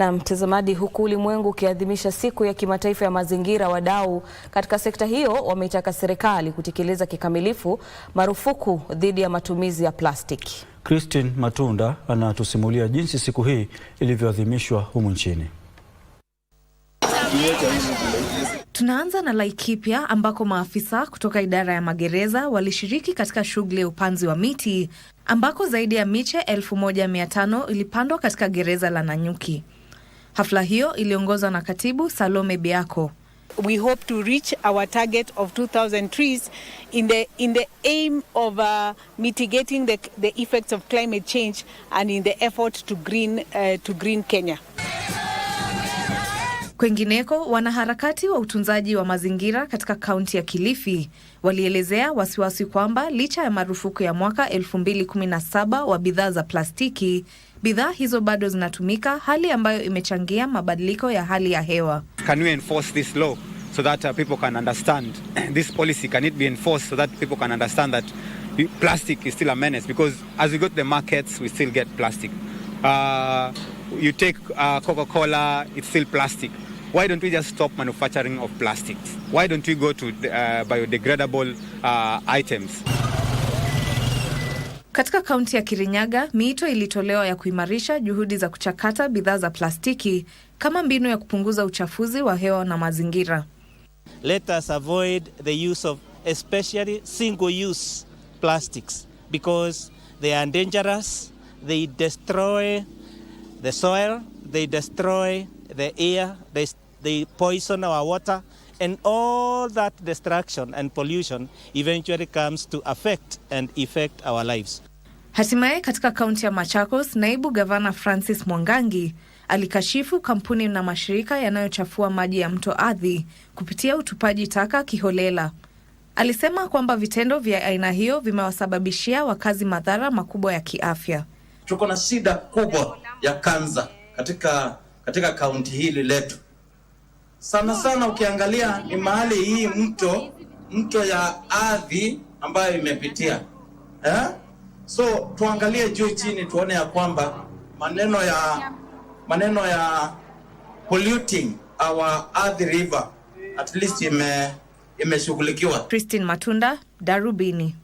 Na mtazamaji, huku ulimwengu ukiadhimisha siku ya kimataifa ya mazingira, wadau katika sekta hiyo wameitaka serikali kutekeleza kikamilifu marufuku dhidi ya matumizi ya plastiki. Christine Matunda anatusimulia jinsi siku hii ilivyoadhimishwa humu nchini. Tunaanza na Laikipia ambako maafisa kutoka idara ya magereza walishiriki katika shughuli ya upanzi wa miti ambako zaidi ya miche 1500 ilipandwa katika gereza la Nanyuki. Hafla hiyo iliongozwa na Katibu Salome Biako. We hope to reach our target of 2000 trees in the, in the aim of uh, mitigating the, the effects of climate change and in the effort to green, uh, to green Kenya. Kwengineko, wanaharakati wa utunzaji wa mazingira katika kaunti ya Kilifi walielezea wasiwasi kwamba licha ya marufuku ya mwaka 2017 wa bidhaa za plastiki, bidhaa hizo bado zinatumika, hali ambayo imechangia mabadiliko ya hali ya hewa. Can we enforce this law so that uh, people can understand this policy? Can it be enforced so that people can understand that plastic is still a menace because as we go to the markets we still get plastic uh, you take uh, Coca-Cola, it's still plastic. Why don't we just stop manufacturing of plastics? Why don't we go to uh, biodegradable uh, items? Katika kaunti ya Kirinyaga, miito ilitolewa ya kuimarisha juhudi za kuchakata bidhaa za plastiki kama mbinu ya kupunguza uchafuzi wa hewa na mazingira. Let us avoid the use of especially single use plastics because they are dangerous, they destroy the soil, they destroy the air, they, they poison our water, and all that destruction and pollution eventually comes to affect and affect our lives. Hatimaye katika kaunti ya Machakos, naibu gavana Francis Mwangangi alikashifu kampuni na mashirika yanayochafua maji ya mto Athi kupitia utupaji taka kiholela. Alisema kwamba vitendo vya aina hiyo vimewasababishia wakazi madhara makubwa ya kiafya tuko na shida kubwa ya kansa katika katika kaunti hili letu. Sana sana ukiangalia ni mahali hii mto mto ya ardhi ambayo imepitia eh? So tuangalie juu chini, tuone ya kwamba maneno ya maneno ya polluting our Athi River at least ime imeshughulikiwa. Christine Matunda, Darubini.